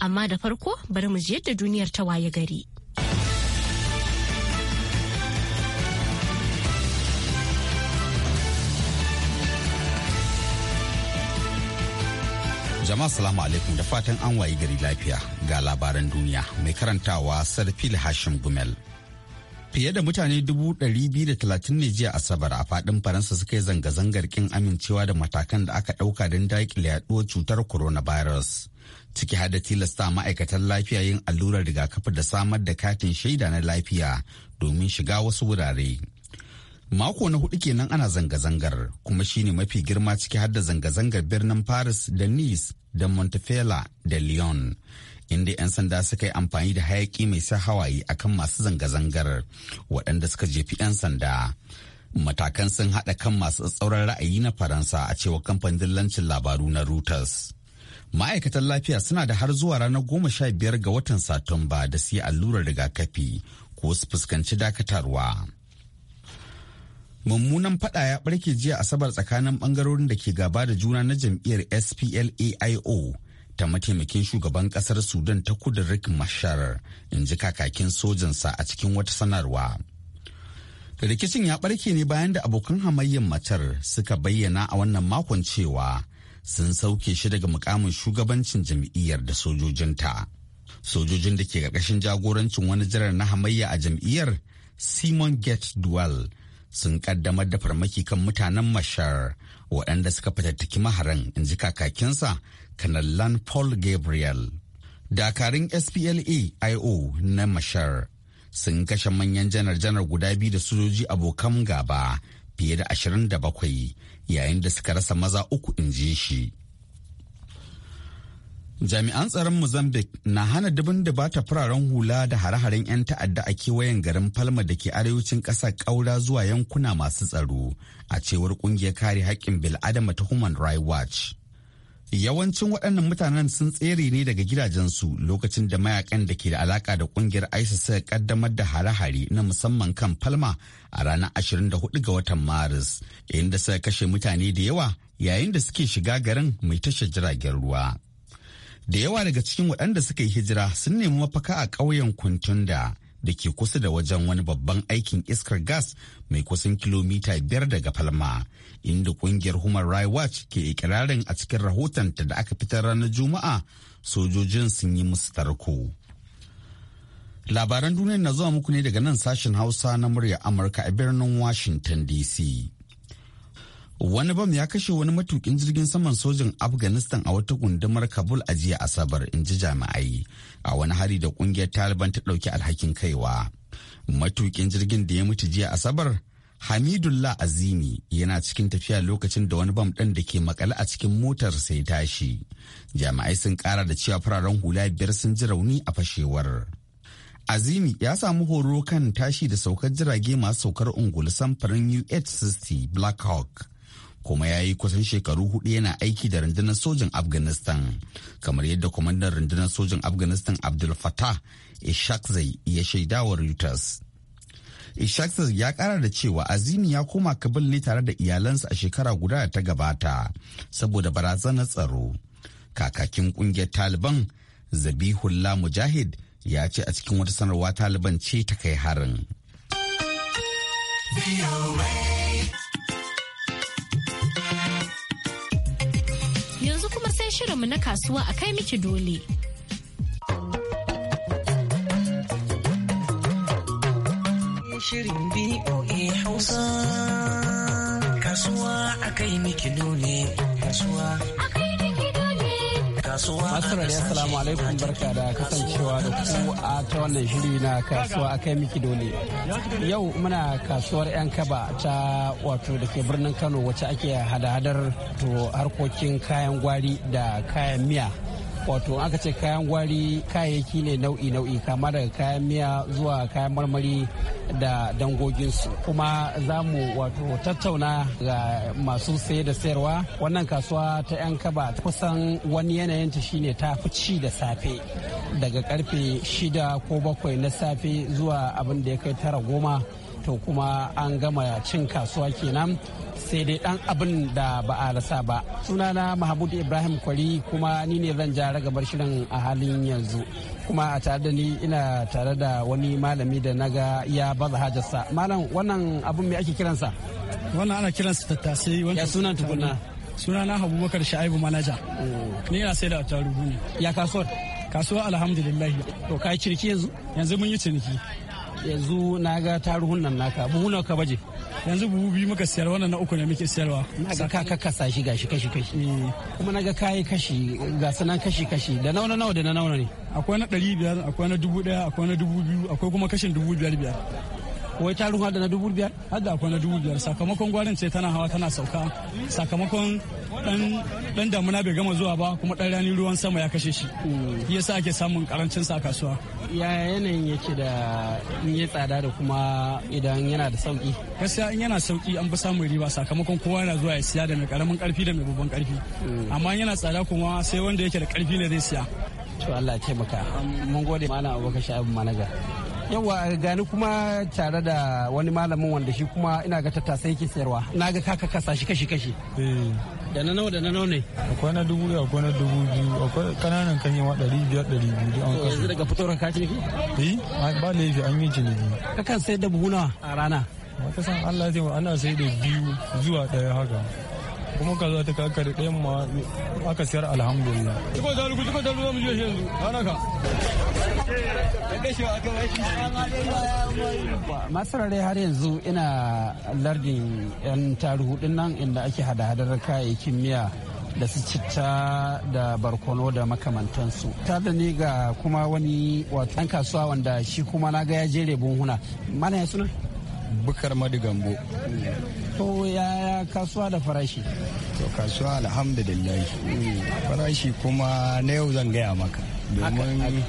Amma da farko bari mu yadda duniyar ta waye gari. Jama'a salamu alaikum da fatan an waye gari lafiya ga labaran duniya mai karantawa Sarfil Hashim Gumel. Fiye da mutane dubu ɗari biyu da talatin ne jiya Asabar a fadin Faransa suka yi zanga-zangar ƙin amincewa da matakan da aka ɗauka don daƙile yaɗuwar cutar coronavirus. ciki har da tilasta ma'aikatan lafiya yin allurar rigakafi da samar da katin shaida na lafiya domin shiga wasu wurare. Mako na hudu kenan ana zanga-zangar kuma shine mafi girma ciki har da zanga-zangar birnin Paris da Nice da Montefiore da Lyon. inda 'yan sanda suka yi amfani da hayaki mai sa hawaye akan masu zanga-zangar waɗanda suka jefi 'yan sanda. Matakan sun haɗa kan masu tsauran ra'ayi na Faransa a cewa kamfanin lancin labaru na Reuters. ma'aikatan lafiya suna da har zuwa ranar goma sha biyar ga watan satumba da su yi allurar rigakafi ko su fuskanci dakatarwa mummunan fada ya barke jiya asabar tsakanin bangarorin da ke gaba da juna na jam'iyyar splaio ta mataimakin shugaban kasar sudan ta kudu rick mashar in ji kakakin sojansa a cikin wata sanarwa rikicin ya barke ne bayan da abokan hamayyar matar suka bayyana a wannan makon cewa sun sauke shi daga mukamin shugabancin jam'iyyar da sojojinta. Sojojin da ke ƙarƙashin jagorancin wani jiran na hamayya a jam'iyyar Simon Gate Dual sun ƙaddamar da farmaki kan mutanen Mashar waɗanda suka fatattaki maharan in ji kakakinsa kanallan Paul Gabriel. Dakarun SPLA-IO na Mashar sun kashe manyan janar-janar guda biyu da sojoji abokan gaba fiye da 27 yayin da suka rasa maza uku in ji shi jami'an tsaron mozambique na hana dubin da bata fararen hula da hare-haren 'yan ta'adda a kewayen garin falma da ke arewacin ƙasar ƙaura zuwa yankuna masu tsaro a cewar ƙungiyar kare haƙƙin bil'adama ta human rights watch Yawancin waɗannan mutanen sun tsere ne daga gidajensu lokacin da mayakan da ke da alaka da kungiyar ISIS suka kaddamar da hare-hare na musamman kan Falma a ranar 24 ga watan Maris, inda suka kashe mutane da yawa yayin da suke shiga garin mai tashar jiragen ruwa. Da yawa daga cikin waɗanda suka yi hijira sun nemi mafaka a ƙauyen Kuntunda. da ke kusa da wajen wani babban aikin iskar gas mai kusan kilomita biyar daga Falma, inda kungiyar Human Rights Watch ke ikirarin a cikin rahotonta da aka fitar ranar Juma'a sojojin sun yi musu tarko. Labaran duniya na zuwa muku ne daga nan sashen Hausa na murya Amurka a birnin Washington DC. wani bam ya kashe wani matukin jirgin saman sojin afghanistan a wata gundumar kabul a jiya asabar in ji jami'ai a wani hari da kungiyar taliban ta ɗauki alhakin kaiwa matukin jirgin da ya mutu jiya asabar hamidullah azimi yana cikin tafiya lokacin da wani bam ɗin da ke makale a cikin motar sai tashi jami'ai sun kara da cewa fararen hula biyar sun ji rauni a fashewar Azimi ya samu horo kan tashi da saukar jirage masu saukar ungulu samfurin U-860 Black Hawk kuma ya yi kusan shekaru hudu yana aiki da rundunar sojin afghanistan kamar yadda kwamandan rundunar sojin afghanistan abdul fatah ishakzai ya shaidawa reuters ishakzai ya kara da cewa azimi ya koma kabil ne tare da iyalansa a shekara guda da ta gabata saboda barazanar tsaro kakakin kungiyar taliban zabihullah mujahid ya ce a cikin wata sanarwa taliban ce ta kai harin. sai shirinmu na kasuwa a kai miki dole. Shirin BOA Hausa Kasuwa a kai miki dole Kasuwa a kai Masarar ya salamu alaikum barka da kasancewa da ku a ta wannan shiri na kasuwa a kai miki dole. Yau muna kasuwar 'yan kaba ta wato da ke birnin Kano wacce ake hada-hadar harkokin kayan gwari da kayan miya. wato aka ce kayan gwari kayayyaki ne nau'i-nau'i kama daga kayan miya zuwa kayan marmari da dangoginsu kuma za mu wato tattauna ga masu saye da sayarwa wannan kasuwa ta 'yan kaba kusan wani yanayin yanayinta shine ta fi ci da safe daga karfe shida ko bakwai na safe zuwa abin da ya kai tara goma to kuma an gama cin kasuwa kenan sai dai dan abin da ba a rasa ba sunana mahmud ibrahim kwari kuma ni ne zan ja ragabar shirin a halin yanzu kuma a tare da ni ina tare da wani malami da naga ya baza hajarsa malam wannan abun mai ake kiransa wannan ana kiransa tattasai ya sunan tukuna sunana abubakar sha'ibu manaja oh. ni na sai da tarugu ne ya kasuwar kasuwa alhamdulillah to kai ciniki yanzu yanzu mun yi ciniki yanzu na ga taruhun nan naka buhu nawa ka baje yanzu buhu biyu muka siyar wannan na uku ne muke siyarwa na ga ka kasa shi gashi kashi kashi eh, kuma na ga kayi kashi ga sanan kashi kashi da nauna nawa da na nauna ne akwai na ɗari biyar akwai na dubu ɗaya akwai na dubu biyu akwai kuma kashin dubu biyar biyar wai taruhun da na dubu biyar har da akwai na dubu biyar sakamakon gwarin ce tana hawa tana sauka sakamakon dan damuna bai gama zuwa ba kuma dan rani ruwan sama ya kashe shi hmm. yasa ake samun karancin sa kasuwa ya yanayin yake da in ya tsada da kuma idan yana da sauki gaskiya in yana sauki an fi samun riba sakamakon kowa yana zuwa ya siya da mai karamin karfi da mai babban karfi hmm. amma yana tsada kuma sai wanda yake da karfi ne zai siya to Allah ya taimaka mun gode mana abokan sha'abin managa yawa gani kuma tare da wani malamin wanda shi kuma ina ga tattasai yake sayarwa na ga kaka kasa shi kashi kashi eh. da na nawa da na nawa ne akwai na dubu da akwai na dubu biyu akwai kananan kan yawa ɗari biyar ɗari biyu da an kasu daga fitowar ka ciniki eh ba laifi an yi ciniki kakan sai da buhu a rana wata san Allah zai ana sai da biyu zuwa ɗaya haka kuma ka za ta kakare ɗayan ma aka siyar alhamdulillah. Ciko da rugu, ciko da rugu mu je yanzu, haraka. Masu rarai har yanzu ina lardin 'yan taruhu nan inda ake hada-hadar kayayyakin miya da su citta da barkono da makamantansu ta da ni ga kuma wani wato ɗan kasuwa wanda shi kuma na ga ya jere buhuna mana ya suna bukar madigambo to yaya kasuwa da farashi to kasuwa alhamdulillah farashi kuma na yau zan gaya maka domin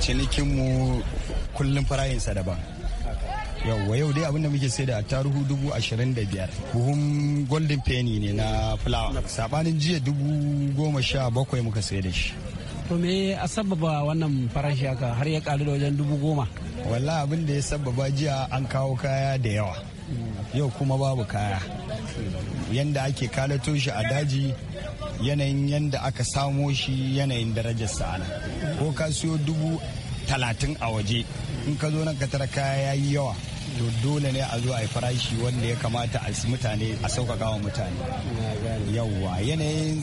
cinikinmu kullum farayinsa daban yauwa yau dai abinda muke sai da taruhu dubu ashirin da biyar buhun golden penny ne na fulawa sabanin jiya dubu goma sha bakwai muka sai da shi to me a sababa wannan farashi haka har ya karu da wajen dubu goma walla abin da ya sababa jiya an kawo kaya da yawa yau kuma babu kaya yanda ake kalato shi a daji yanayin yanda aka samo shi yanayin darajar sa'ana ko ka siyo dubu talatin a waje in ka zo nan ka tara kaya ya yi yawa to dole ne a zo a yi farashi wanda ya kamata a mutane a sauƙaƙa wa mutane yawwa yanayin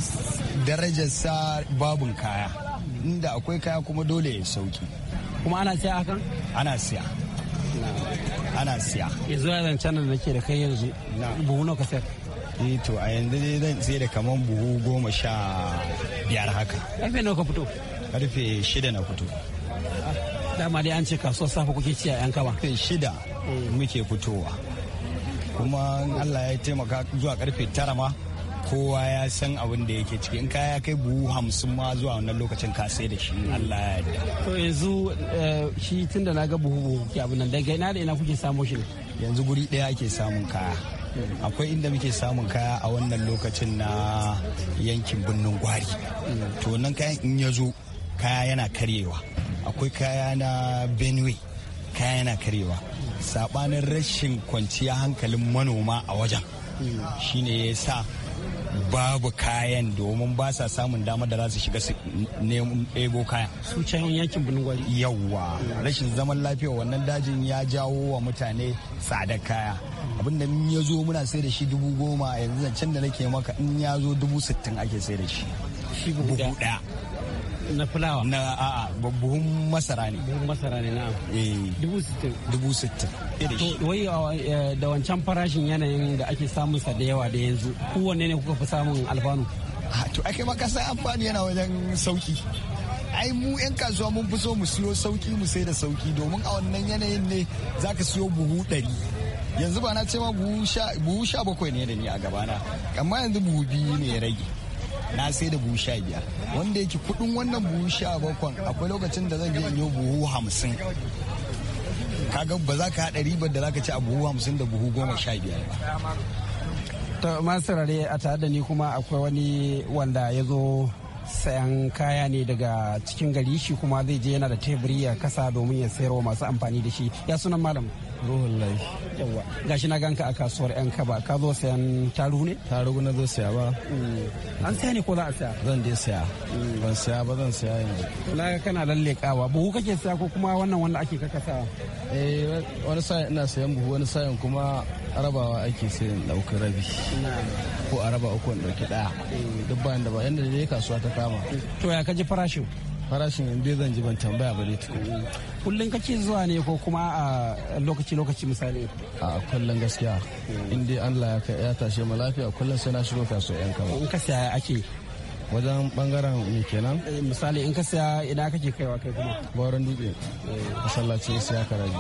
darajar sa babun kaya inda akwai kaya kuma dole ya sauki kuma ana siya hakan ana siya ana siya yanzu ya zancen da nake da kai yanzu buhu nawa kasar sayar eh to a yanzu dai zan tsaye da kaman buhu goma sha biyar haka karfe nawa ka fito karfe shida na fito dama dai an ce kasuwar safe kuke ci a yan kama karfe shida eh. muke fitowa kuma Allah ya taimaka zuwa karfe tara ma kowa ya san abin da yake ciki in kaya kai buhu hamsin ma zuwa wannan lokacin ka sai da shi Allah ya yarda to yanzu eh, shi tunda na ga buhu buhu ki abin nan daga ina da ina kuke samu shi yanzu guri daya ake samun kaya akwai inda muke samun kaya a wannan lokacin na yankin birnin gwari to nan kayan in ya zo kaya yana karyewa akwai kaya na benue kaya yana karyewa sabanin rashin kwanciya hankalin manoma a wajen shine ya sa babu kayan domin ba sa samun damar da za su shiga su ebo kayan su can yakin binin gwari yawwa rashin zaman lafiya wannan dajin ya jawo wa mutane tsada kaya abinda in ya zo muna sai da shi dubu goma yanzu zancen da nake maka in ya zo dubu sittin ake sai da shi Dubu daya na fulawa na a'a buhun masara ne buhun masara ne na'am eh. dubu sittin dubu sittin to wai da wancan farashin yanayin da ake samun sa da yawa da yanzu kowanne ne kuka fi samun alfanu ah, to ake maka sai amfani yana wajen sauki ai mu 'yan kasuwa mun fi so mu siyo sauki mu sai da sauki domin a wannan yanayin ne za ka siyo buhu ɗari yanzu ba na ce ma buhu sha bakwai ne da ni a gabana amma yanzu buhu biyu ne ya rage na sai da buhu sha biyar wanda yake kudin wannan buhu sha bakwan akwai lokacin da zan je in yi buhu hamsin kaga ba za ka haɗa ribar da za ka ci a buhu hamsin da buhu goma sha biyar ba to masarare a tare da ni kuma akwai wani wanda ya zo sayan kaya ne daga cikin gari shi kuma zai je yana da teburi ya kasa domin ya sayarwa masu amfani da shi ya sunan malam ruhullahi yawa gashi na ganka a kasuwar yan kaba ka zo sayan taru ne taru na zo saya ba mm. an saya ne ko za a saya zan dai saya mm. ban saya ba zan saya yanzu na ga kana lallekawa buhu kake saya ko kuma wannan wanda ake kakasa eh wani sayan ina sayan buhu wani sayan kuma arabawa ake sayan dauki rabi ko araba uku in dauki daya mm. duk bayan da ba yanda dai kasuwa ta kama to ya kaji farashin farashin yanzu zan ji ban tambaya ba ne tukun kullum kake zuwa ne ko kuma a lokaci lokaci misali a kullum gaskiya in dai Allah ya tashe mu lafiya kullum sai na shigo kasuwa yan kama in ka siya ake wajen bangaren me kenan eh, misali in ka siya ina kake kaiwa kai kuma boron dutse masallaci saya karaji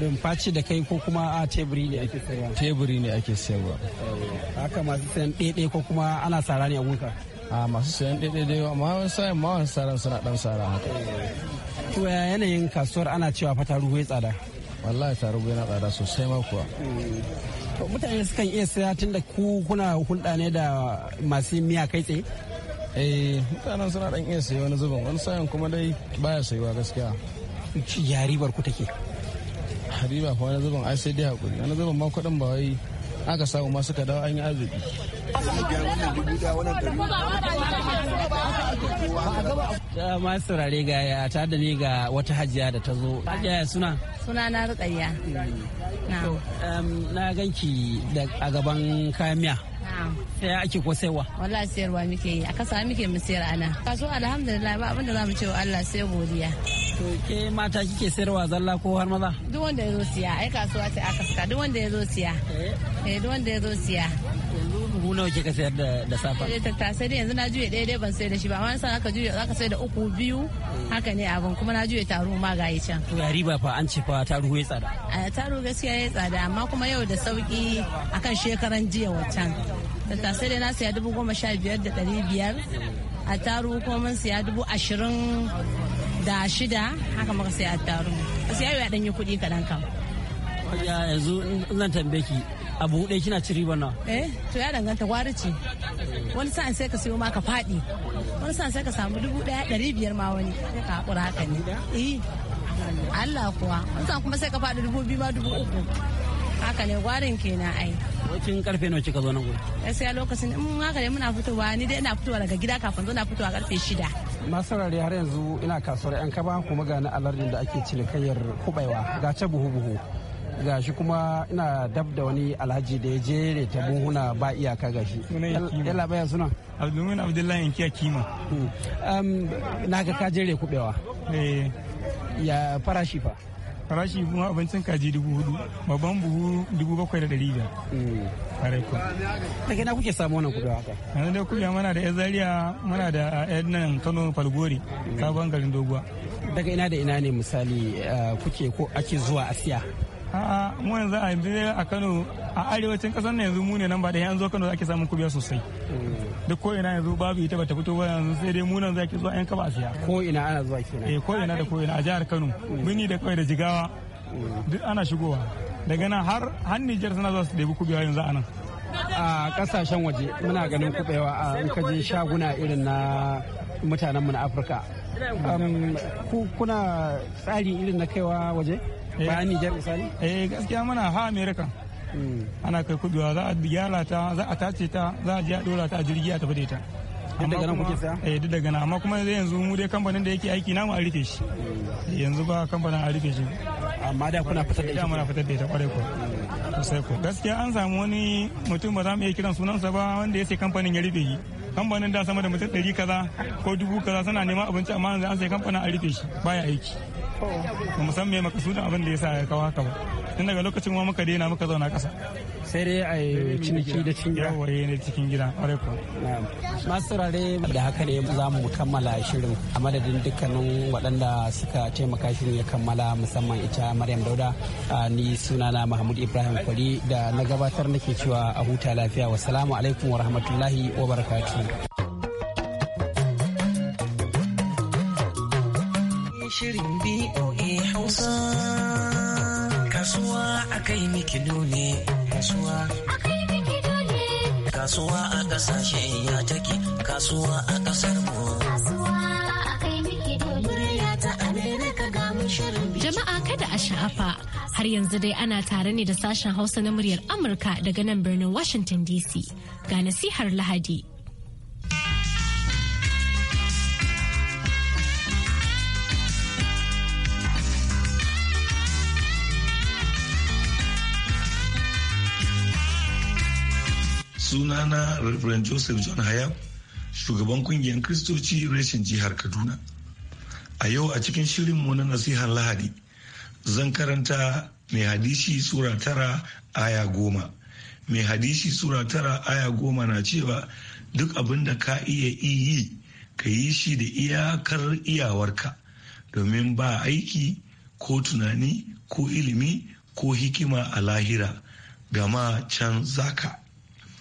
rumfa Faci da kai ko kuma a teburi ne ake siyarwa teburi ne ake siyarwa eh, haka masu sayan ɗaiɗai ko kuma ana sara ne a wuka a ah, masu sayan daidai amma wani mawan ma wani saran suna dan sara haka to ya yanayin kasuwar ana cewa fa tarugu ya tsada wallahi tarugu yana tsada sosai ma kuwa mm. mutane sukan iya saya tun da ku kuna hulɗa ne da masu miya kai tsaye eh mutanen suna dan iya sayo wani zubin wani sayan kuma dai baya sayuwa gaskiya ya ribar ku take riba kuma wani zubin ai sai dai hakuri wani zubin ma kuɗin ba wai aka samu masu kada an yi arziki Ma saurare ga ya ta da ni ga wata hajiya da ta zo hajiya ya suna suna mm. na rukayya na ganki a gaban kayan miya sai ake ko saiwa Wallah sayarwa muke yi a kasa muke mu sayar ana kaso alhamdulillah ba abinda mu ce wa Allah sai godiya To ke mata kike sayarwa zalla ko har maza? Duk wanda ya zo siya, ai kasuwa sai aka saka duk wanda ya zo siya. Eh, eh duk wanda ya zo siya. buhu nawa kika sayar da da safa? Eh tattasai dai yanzu na juye ɗaya ɗaya ban sayar da shi ba amma san aka juye zaka sayar da uku biyu eh. haka ne abun kuma na juye taro ma ga can. To ya riba fa an ce fa taro ya tsada. Eh taro gaskiya ya tsada amma kuma yau da sauki akan shekaran jiya wancan. Tattasai dai na siya dubu goma sha biyar da ɗari biyar eh. a taro kuma mun siya dubu ashirin da shida haka muka sai attaru sai ya dan yi kuɗi kaɗan kam ya yanzu zan tambaye ki abu ɗaya kina ci riba na eh to ya danganta wari ce wani sa'an sai ka siyo ma ka faɗi wani sa'an sai ka samu dubu ɗaya ɗari biyar ma wani sai ka haƙura haka ne eh Allah kuwa wani sa'an kuma sai ka faɗi dubu biyu ma dubu uku haka ne warin kenan ai kin karfe nawa kika zo nan gurin gaskiya lokacin in haka ne muna fitowa ni dai ina fitowa daga gida kafin zo na fitowa karfe shida masarare har yanzu ina kasuwar yan kaba kuma gani alardin da ake cinikayyar kubaiwa ga ta buhu-buhu ga shi kuma ina dab da wani alhaji da ya jere ta buhuna ba iyaka ga shi yalla baya suna abdulmin abdullahi yankiya kima hmm. na ga ka jere kubewa eh. ya farashi fa farashi kuma abincin kaji dubu hudu babban buhu dubu bakwai da ɗari da Fareko. Da kina kuke samu wannan kuɗi haka? Yanzu dai kuɗi mana da 'yan mana da 'yan nan Kano Falgori mm. sabon garin Doguwa. Daga ina da ina ne misali eh, kuke ko ake zuwa a siya? a'a mu yanzu a yanzu a Kano a arewacin kasar na yanzu mu ne nan ba da yan zo Kano ake samun kubiya sosai duk ko ina yanzu babu ita bata fito ba yanzu sai dai mu nan zaki zuwa yan kaba siya ko ina ana zuwa kenan eh ko ina da ko ina a jihar Kano mini da kai da jigawa duk ana shigowa daga nan har har Niger suna zuwa su debi kubewa yanzu a nan a kasashen waje muna ganin kubewa a in ka je shaguna irin na mutanenmu na Afirka kuna tsari irin na kaiwa waje Eh. bayan Nijar misali? Eh gaskiya muna ha America. Hmm. Ana kai kuduwa za a gyara ta za a tace ta za a je a dora ta a jirgi a tafi da ita. Duk daga nan kuke saya? Eh duk daga nan amma kuma yanzu mu dai kamfanin da yake aiki namu a rufe shi. Hmm. Yanzu ba kamfanin a rufe shi. Amma da kuna fitar da ita? Da muna fitar da ita kwarai ko. Hmm. Sosai ko. Gaskiya an samu wani mutum ba za mu iya kiran sunansa ba wanda ya sai kamfanin ya rufe shi. kamfanin da sama da mutum 100 kaza ko dubu kaza suna neman abinci amma yanzu an sai kamfanin a rufe shi baya aiki. ba mu san me makasudin abin da ya sa ya kawo haka ba tun daga lokacin ma muka daina muka zauna kasa sai dai a yi ciniki da cin gida yawaye eh, ne cikin gida ƙwarai ko masu saurare da haka ne za mu kammala shirin a madadin dukkanin waɗanda suka taimaka shirin ya kammala musamman ita maryam dauda ni sunana mahmud ibrahim kwari da na gabatar nake cewa a huta lafiya wasalamu alaikum wa rahmatullahi wa barakatuh shirin BOA Hausa. Kasuwa a kai miki ne, kasuwa. Kasuwa a kasashen ya take, kasuwa a kasar mu. Kasuwa a kai mikido ne, ta Amerika ga mun shirin Jama'a kada a sha'afa. Har yanzu dai ana tare ne da sashen Hausa na muryar Amurka daga nan birnin Washington DC. Ga nasihar Lahadi. sunana Reverend Joseph John Hayab shugaban kungiyar Kristoci reshen jihar Kaduna. A yau a cikin shirinmu na nasihar Lahadi zan karanta mai hadishi Sura tara aya goma. Mai hadishi Sura tara aya goma na cewa duk abin da ka iya yi ka yi shi da iyakar iyawarka domin ba aiki ko tunani ko ilimi ko hikima a lahira gama can zaka.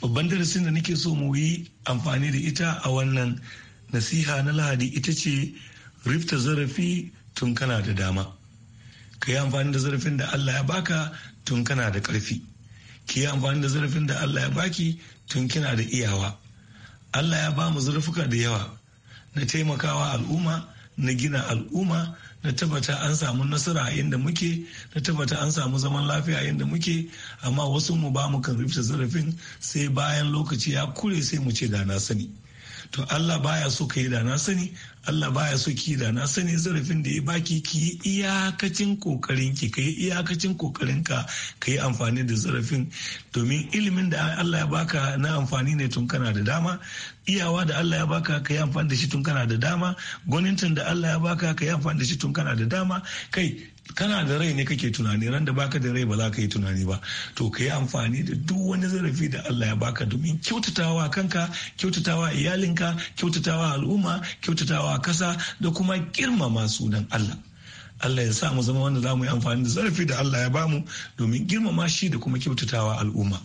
babban darasin da nake so mu yi amfani da ita a wannan nasiha na lahadi ita ce rifta zarafi tun kana da dama ka yi amfani da zarafin da allah ya baka tun kana da ƙarfi ki yi amfani da zarafin da allah ya baki tun kina da iyawa allah ya ba mu zarafuka da yawa na taimakawa al'umma na gina al'umma na tabbata an samu nasara a inda muke na tabbata an samu zaman lafiya a inda muke amma wasu mu ba mu kan rufe zarafin sai bayan lokaci ya kure sai mu ce da na sani to Allah baya so ka yi da na sani Allah baya so ki da na sani zarafin da ya baki ki yi iyakacin kokarin ki ka iyakacin kokarin ka kai yi amfani da zarafin domin ilimin da Allah ya baka na amfani ne tun kana da dama iyawa da Allah ya baka ka yi amfani da shi tun kana da dama gwanintan da Allah ya baka ka yi amfani da shi tun kana da dama kai kana da rai ne kake tunani ran da baka da rai ba za ka yi tunani ba to ka yi amfani da duk wani zarafi da Allah ya baka domin kyautatawa kanka kyautatawa iyalinka kyautatawa al'umma kyautatawa kasa da kuma girmama sunan Allah Allah ya sa mu zama wanda za mu yi amfani da zarafi da Allah ya bamu domin girmama shi da kuma kyautatawa al'umma.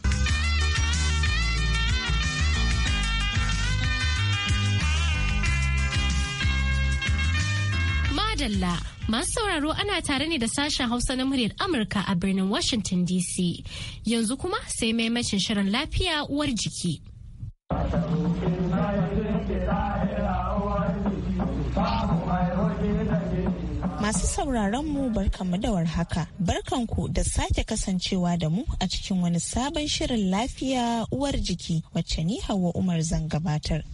Madalla Masu sauraro ana tare ne da sashen Hausa na muryar Amurka a birnin Washington DC. Yanzu kuma sai maimacin shirin lafiya uwar jiki. Masu sauraron mu barkanmu da warhaka. Barkanku da sake kasancewa da mu a cikin wani sabon shirin lafiya uwar jiki wacce ni Hauwa Umar zan gabatar.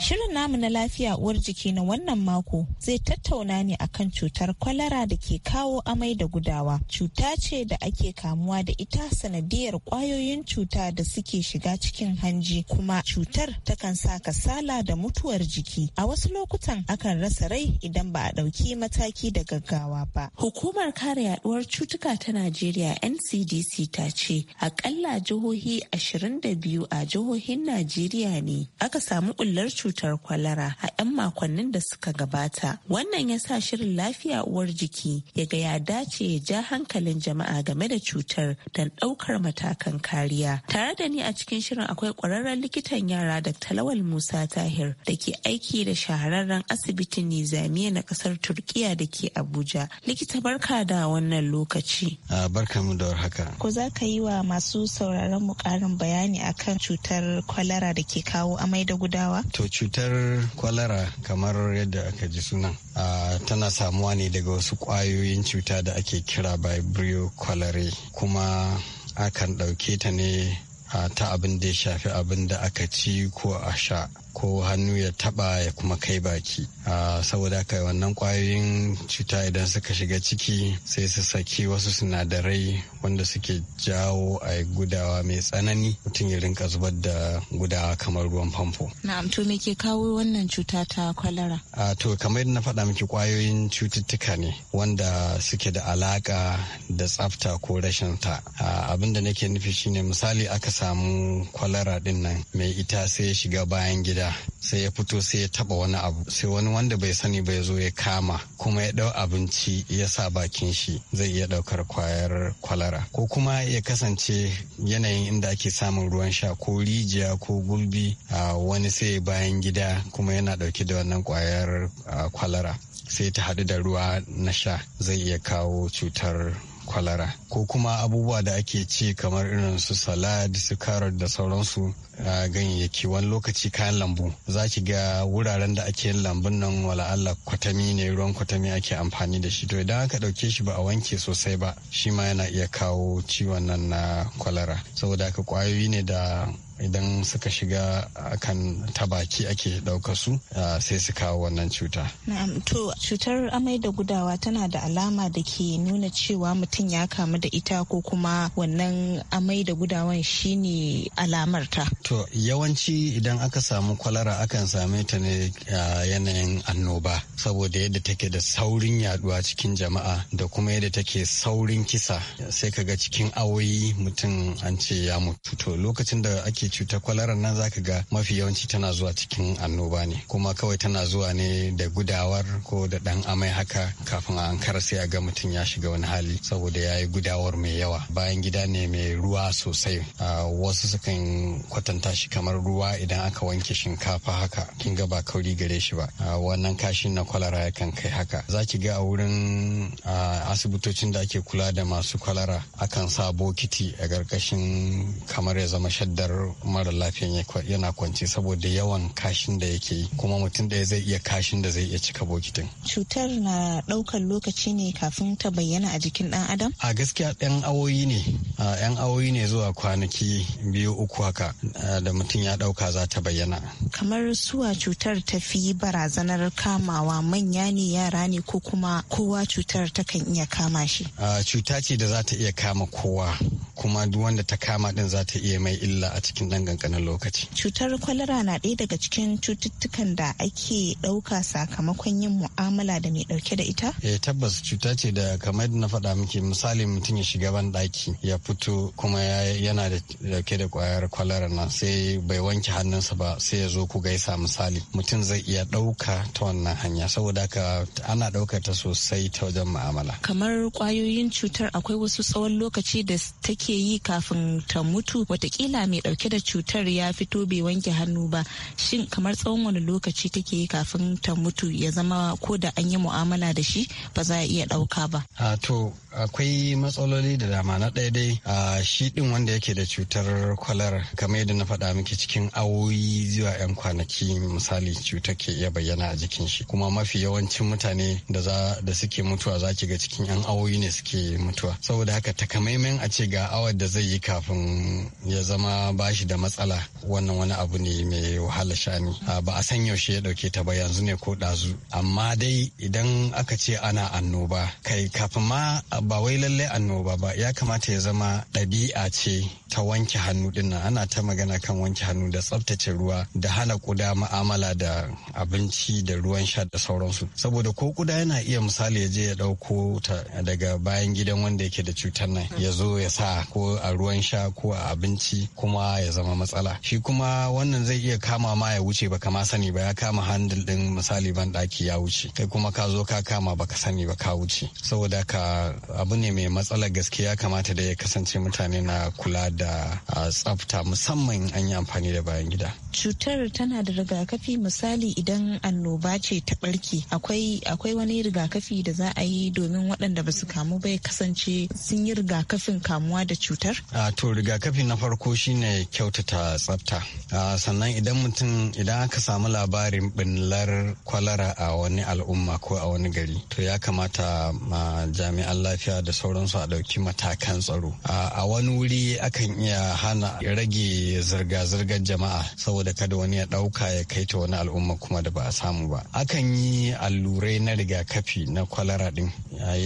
Shirin namu na lafiya uwar jiki na wannan mako zai tattauna ne akan cutar kwalara da ke kawo amai da gudawa. Cuta ce da ake kamuwa da ita sanadiyar kwayoyin cuta da suke shiga cikin hanji kuma cutar takan sa kasala da mutuwar jiki. A wasu lokutan akan rasa rai idan ba a ɗauki mataki da gaggawa ba. Hukumar kare yaduwar cutuka ta Najeriya NCDC ta ce akalla jihohi 22 a jihohin Najeriya ne aka samu ɓullar cutar cutar kwalara a 'yan makonnin da suka gabata. Wannan ya sa shirin lafiya uwar jiki ya ga ya dace ya ja hankalin jama'a game da cutar don ɗaukar matakan kariya. Tare da ni a cikin shirin akwai ƙwararren likitan yara da Talawal Musa Tahir da ke aiki da shahararren asibitin Nizamiya na ƙasar Turkiya da ke Abuja. Likita barka da wannan lokaci. Barka mu da warhaka. Ko za ka yi wa masu sauraron mu bayani akan cutar kwalara da ke kawo amai da gudawa? cutar kwalara kamar yadda aka ji sunan tana samuwa ne daga wasu ƙwayoyin cuta da ake kira vibrio kwalare kuma akan ɗauke ta ne ta abin da ya shafi abin da aka ci ko a sha ko hannu ya taba ya kuma kai baki a saboda haka wannan kwayoyin cuta idan suka shiga ciki sai su saki wasu sinadarai wanda suke jawo a gudawa mai tsanani mutum ya rinka zubar da gudawa kamar ruwan famfo na'am to me ke kawo wannan cuta ta kwalara a to kamar yadda na faɗa miki kwayoyin cututtuka ne wanda suke da alaka da tsafta ko rashin ta abin da nake nufi shine misali aka samu kwalara din mai ita sai ya shiga bayan gida gida sai ya fito sai ya taba wani abu sai wani wanda bai sani ba ya zo ya kama kuma ya dau abinci ya sa bakin shi zai iya daukar kwayar kwalara ko kuma ya kasance yanayin inda ake samun ruwan sha ko rijiya ko gulbi a wani sai bayan gida kuma yana dauke da wannan kwayar kwalara sai ta hadu da ruwa na sha zai iya kawo cutar kwalara ko kuma abubuwa da ake ci kamar irin su salad su carrot da sauransu a ganyayyaki wani lokaci kayan lambu za ki ga wuraren da ake yin lambun nan wala Allah kwatami ne ruwan kwatami ake amfani da shi to idan aka ɗauke shi ba a wanke sosai ba shi ma yana iya kawo ciwon nan na kwalara saboda haka kwayoyi ne da idan suka shiga kan tabaki ake ɗaukar su sai su kawo wannan cuta. Na'am to cutar amai da gudawa tana da alama da ke nuna cewa mutum ya kamu da ita ko kuma wannan amai da gudawan shine alamar ta. To yawanci idan aka samu kwalara akan same ta ne yanayin annoba saboda yadda take da saurin yaduwa cikin jama'a da kuma yadda take saurin kisa sai kaga cikin awoyi mutum an ce ya mutu. To lokacin da ake cutar kwalara nan zaka ga mafi yawanci tana zuwa cikin annoba ne kuma kawai tana zuwa ne da gudawar ko da dan amai haka kafin a ankara sai a ga mutum ya shiga wani hali saboda ya yi gudawar mai yawa bayan gida ne mai ruwa sosai wasu sukan kwatanta shi kamar ruwa idan aka wanke shinkafa haka kin ga ba kauri gare shi ba wannan kashin na kwalara yakan kai haka za ki ga a wurin asibitocin da ake kula da masu kwalara akan sa bokiti a ƙarƙashin kamar ya zama shaddar mara lafiyan yana kwance saboda yawan kashin da yake yi kuma mutum ɗaya zai iya kashin da zai iya cika bokitin. Cutar na ɗaukar lokaci ne kafin ta bayyana a jikin ɗan adam? A gaskiya 'yan awoyi ne, yan awoyi ne zuwa kwanaki biyu uku haka da mutum ya ɗauka za ta bayyana. Kamar suwa cutar ta fi barazanar kamawa manya ne yara ne ko kuma kowa cutar ta kan iya kama shi? Cuta ce da za ta iya kama kowa. kuma duk wanda ta kama din za ta iya mai illa a cikin ɗan ƙanƙanin lokaci. Cutar kwalara na ɗaya daga cikin cututtukan da ake ɗauka sakamakon yin mu'amala da mai ɗauke da ita? Eh tabbas cuta ce da kamar yadda na faɗa miki misali mutum ya shiga ban ɗaki ya fito kuma yana da ɗauke da ƙwayar kwalara na sai bai wanke hannunsa ba sai ya zo ku gaisa misali mutum zai iya ɗauka ta wannan hanya saboda haka ana ɗauka ta sosai ta wajen mu'amala. Kamar ƙwayoyin cutar akwai wasu tsawon lokaci da take take yi kafin ta mutu watakila mai dauke da cutar ya fito bai wanke hannu ba shin kamar tsawon wani lokaci take yi kafin ta mutu ya zama ko da an yi mu'amala da shi ba za a iya dauka ba to akwai matsaloli da dama na ɗaya dai a shi din wanda yake da cutar kwalar kamar yadda na faɗa miki cikin awoyi zuwa 'yan kwanaki misali cutar ke iya bayyana a jikin shi kuma mafi yawancin mutane da da suke mutuwa za ki ga cikin 'yan awoyi ne suke mutuwa saboda haka takamaiman a ce ga sha'awar da zai yi kafin ya zama bashi da matsala wannan wani abu ne mai wahala shani ba a san yaushe ya dauke ta ba yanzu ne ko dazu amma dai idan aka ce ana annoba kai kafin ma ba wai lallai annoba ba ya kamata ya zama ɗabi'a ce ta wanke hannu dinnan ana ta magana kan wanke hannu da tsaftace ruwa da hana kuda ma'amala da abinci da ruwan sha da sauransu saboda ko kuda yana iya misali ya je ya ɗauko ta daga bayan gidan wanda yake da cutar nan ya zo ya sa ko a ruwan sha ko a abinci kuma ya zama matsala shi kuma wannan zai iya kama ma ya wuce baka ma sani ba ya kama handil din misali ban daki ya wuce kai kuma ka zo ka kama baka sani ba ka wuce saboda ka abu ne mai matsalar gaske ya kamata da ya kasance mutane na kula da tsafta musamman an yi amfani da bayan gida cutar tana da rigakafi misali idan annoba ce ta barke akwai akwai wani rigakafi da za a yi domin waɗanda ba su kamu bai kasance sun yi rigakafin kamuwa da cutar? A to rigakafi na farko shine kyautata tsafta. sannan idan mutum idan aka samu labarin binlar kwalara a wani al'umma ko a wani gari to ya kamata ma jami'an lafiya da sauransu a ɗauki matakan tsaro. A wani wuri akan iya hana rage zirga-zirgar jama'a saboda kada wani ya ɗauka ya kai ta wani al'umma kuma da ba a samu ba. Akan yi allurai na rigakafi na kwalara ɗin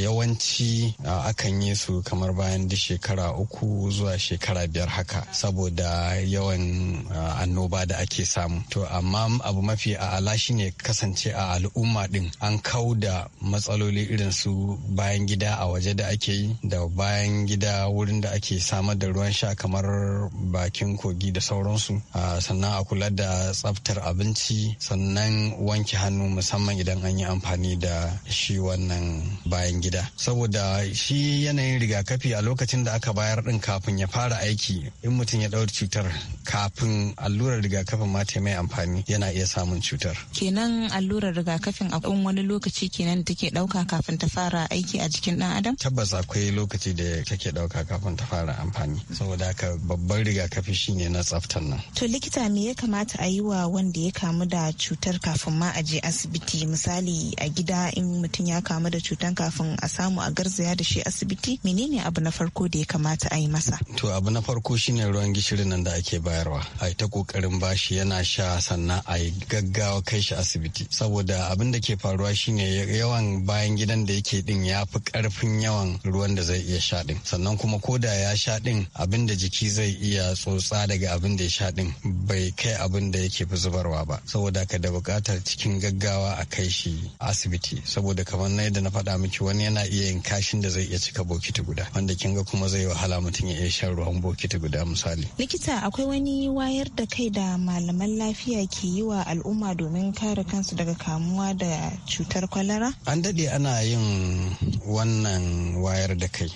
yawanci akan yi su kamar bayan duk shekara uku zuwa shekara biyar haka saboda yawan uh, annoba da ake samu to amma abu mafi a'ala shine kasance a al'umma din an kau da matsaloli irin su bayan gida a waje da ake yi da bayan gida wurin da ake samar da ruwan sha kamar bakin kogi da sauransu uh, sannan a kula da tsaftar abinci sannan wanke hannu musamman idan an yi amfani da shi wannan bayan gida saboda shi yanayin rigakafi a lokacin da aka ba bayar din kafin ya fara aiki in mutum ya ɗaura cutar kafin allurar rigakafin ma mai amfani yana iya samun cutar. Kenan allurar rigakafin a wani lokaci kenan da take ɗauka kafin ta fara aiki a jikin ɗan adam? Tabbas akwai lokaci da take ɗauka kafin ta fara amfani. Saboda haka babban rigakafi shine na tsaftan nan. To likita me ya kamata a yi wa wanda ya kamu da cutar kafin ma a je asibiti misali a gida in mutum ya kamu da cutar kafin a samu a garzaya da shi asibiti menene abu na farko da ya kamata kamata a yi masa. To abu na farko shine ruwan gishirin nan da ake bayarwa. A ta kokarin bashi yana sha sannan a yi gaggawa kai shi asibiti. Saboda abin da ke faruwa shine yawan bayan gidan da yake din ya fi karfin yawan ruwan da zai iya sha din. Sannan kuma ko da ya sha din abin da jiki zai iya tsotsa daga abin da ya sha din bai kai abin da yake fi zubarwa ba. Saboda ka da bukatar cikin gaggawa a kai shi asibiti. Saboda kamar na yadda na faɗa miki wani yana iya yin kashin da zai iya cika bokiti guda. Wanda kin ga kuma zai wahala wahala mutum ya iya shan ruwan bokiti guda misali. Likita akwai wani wayar da kai da malaman lafiya ke yi wa al'umma domin kare kansu daga kamuwa da cutar kwalara? An daɗe ana yin wannan wayar da kai.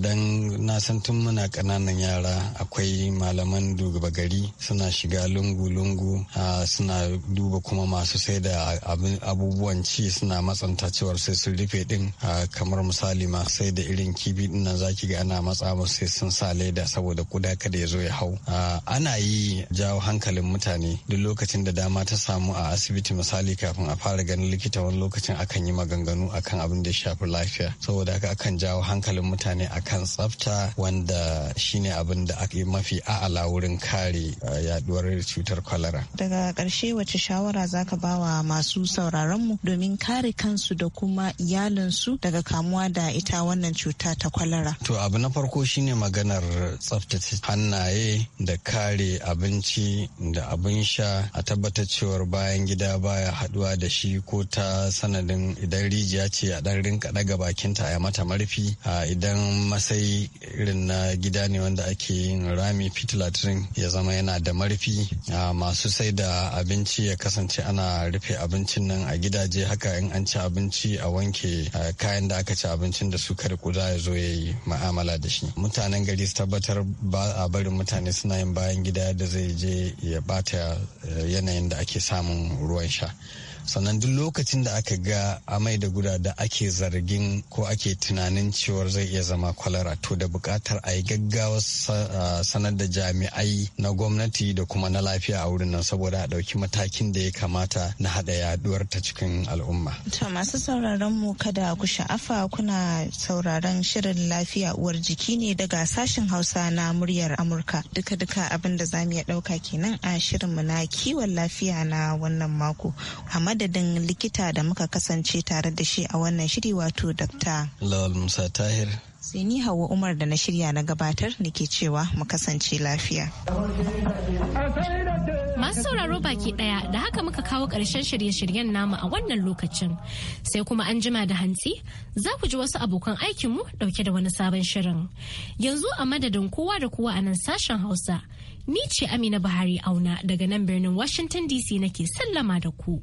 Don na san tun muna ƙananan yara akwai malaman duba gari suna shiga lungu-lungu suna duba kuma masu sai da abubuwan ci suna matsanta cewar sai sun rufe din kamar misali ma sai da irin kibi ɗin nan zaki ga ana matsa ba sai sun sa leda saboda kuda kada ya zo ya hau ana yi jawo hankalin mutane duk lokacin da dama ta samu a asibiti misali kafin a fara ganin likita wani lokacin akan yi maganganu akan abin da ya shafi lafiya saboda haka akan jawo hankalin mutane akan tsafta wanda shine abin da ake mafi a'ala wurin kare yaduwar cutar kwalara daga karshe wace shawara zaka bawa masu sauraron mu domin kare kansu da kuma iyalinsu daga kamuwa da ita wannan cuta ta kwalara to abu na farko farko shine maganar tsaftace hannaye da kare abinci da abin sha a tabbatar cewar bayan gida baya haduwa da shi ko ta sanadin idan rijiya ce a dan rinka daga bakinta a mata marfi a idan masai irin na gida ne wanda ake yin rami pit ya zama yana da marfi masu sai da abinci ya kasance ana rufe abincin nan a gidaje haka in an ci abinci a wanke kayan da aka ci abincin da su kar kuda ya zo ya yi ma'amala da shi mutanen gari su tabbatar ba a barin mutane suna yin bayan gida da zai je ya bata eh, yanayin da ake samun ruwan sha sannan duk lokacin da aka ga amai da guda da ake zargin ko ake tunanin cewar zai iya zama kwalara to da bukatar a yi gaggawa sanar da jami'ai na gwamnati da kuma na lafiya a wurin nan saboda a ɗauki matakin da ya kamata na haɗa yaduwar ta cikin al'umma. To masu sauraron mu kada ku sha'afa kuna sauraron shirin lafiya uwar jiki ne daga sashen Hausa na muryar Amurka. Duka-duka abin da za mu iya ɗauka kenan a shirinmu na kiwon lafiya na wannan mako. madadin likita da muka kasance tare da shi a wannan shiri wato dokta. Lawal Musa Tahir. Sai ni Hauwa Umar da na shirya na gabatar nake cewa mu kasance lafiya. Masu sauraro baki ɗaya da haka muka kawo ƙarshen shirye-shiryen namu a wannan lokacin. Sai kuma an jima da hantsi za ku ji wasu abokan aikinmu ɗauke da wani sabon shirin. Yanzu a madadin kowa da kowa a nan sashen Hausa, ni ce Amina Buhari Auna daga nan birnin Washington DC nake sallama da ku.